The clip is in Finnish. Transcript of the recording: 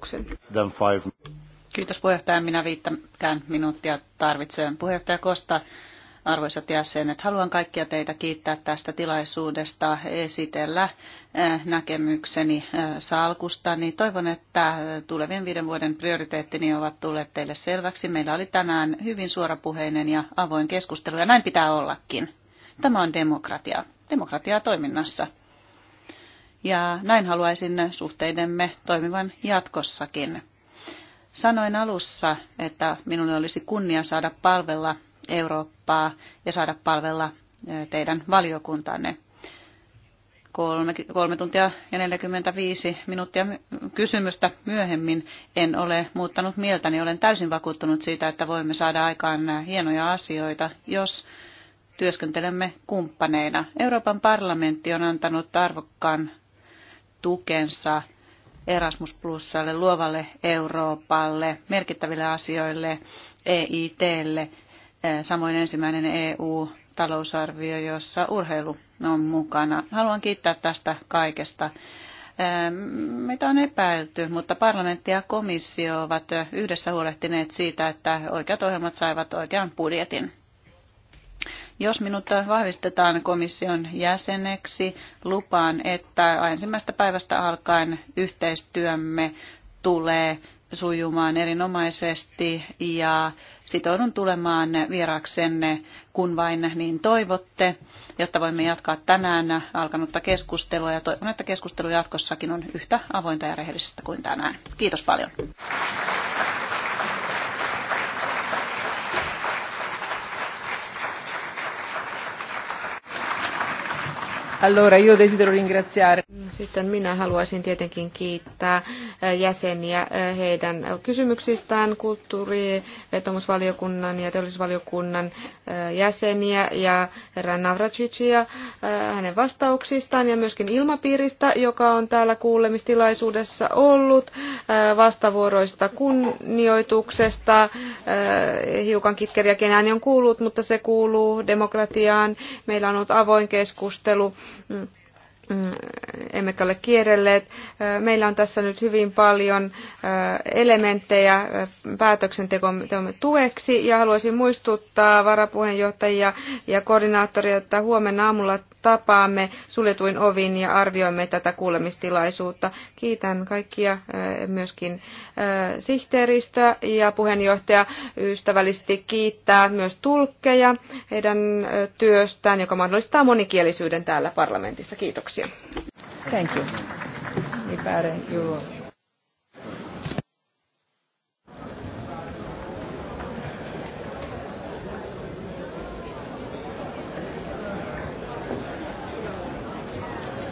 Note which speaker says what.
Speaker 1: kokouksen. Kiitos puheenjohtaja. Minä viittäkään minuuttia tarvitsen. Puheenjohtaja Kosta, arvoisat jäsenet, haluan kaikkia teitä kiittää tästä tilaisuudesta esitellä eh, näkemykseni eh, salkusta. Niin toivon, että tulevien viiden vuoden prioriteettini ovat tulleet teille selväksi. Meillä oli tänään hyvin suorapuheinen ja avoin keskustelu, ja näin pitää ollakin. Tämä on demokratia. Demokratiaa toiminnassa ja näin haluaisin suhteidemme toimivan jatkossakin. Sanoin alussa, että minulle olisi kunnia saada palvella Eurooppaa ja saada palvella teidän valiokuntanne. Kolme, kolme tuntia ja 45 minuuttia kysymystä myöhemmin en ole muuttanut mieltäni. Olen täysin vakuuttunut siitä, että voimme saada aikaan hienoja asioita, jos työskentelemme kumppaneina. Euroopan parlamentti on antanut arvokkaan tukensa Erasmus Plusalle, luovalle Euroopalle, merkittäville asioille, EITlle, eh, samoin ensimmäinen EU-talousarvio, jossa urheilu on mukana. Haluan kiittää tästä kaikesta. Meitä on epäilty, mutta parlamentti ja komissio ovat yhdessä huolehtineet siitä, että oikeat ohjelmat saivat oikean budjetin. Jos minut vahvistetaan komission jäseneksi, lupaan, että ensimmäistä päivästä alkaen yhteistyömme tulee sujumaan erinomaisesti ja sitoudun tulemaan vieraksenne, kun vain niin toivotte, jotta voimme jatkaa tänään alkanutta keskustelua ja toivon, että keskustelu jatkossakin on yhtä avointa ja rehellistä kuin tänään. Kiitos paljon.
Speaker 2: Allora, io desidero ringraziare. Sitten minä haluaisin tietenkin kiittää eh, jäseniä eh, heidän eh, kysymyksistään, kulttuuri, vetomusvaliokunnan ja teollisuusvaliokunnan jäseniä ja herra Navracicia hänen vastauksistaan ja myöskin ilmapiiristä, joka on täällä kuulemistilaisuudessa ollut, vastavuoroista kunnioituksesta, hiukan kitkeriäkin ääni on kuullut, mutta se kuuluu demokratiaan. Meillä on ollut avoin keskustelu 嗯，emmekä ole kierrelleet. Meillä on tässä nyt hyvin paljon elementtejä päätöksentekomme tueksi ja haluaisin muistuttaa varapuheenjohtajia ja koordinaattoria, että huomenna aamulla tapaamme suljetuin ovin ja arvioimme tätä kuulemistilaisuutta. Kiitän kaikkia myöskin sihteeristöä ja puheenjohtaja ystävällisesti kiittää myös tulkkeja heidän työstään, joka mahdollistaa monikielisyyden täällä parlamentissa. Kiitoksia. Thank you. Mi pare you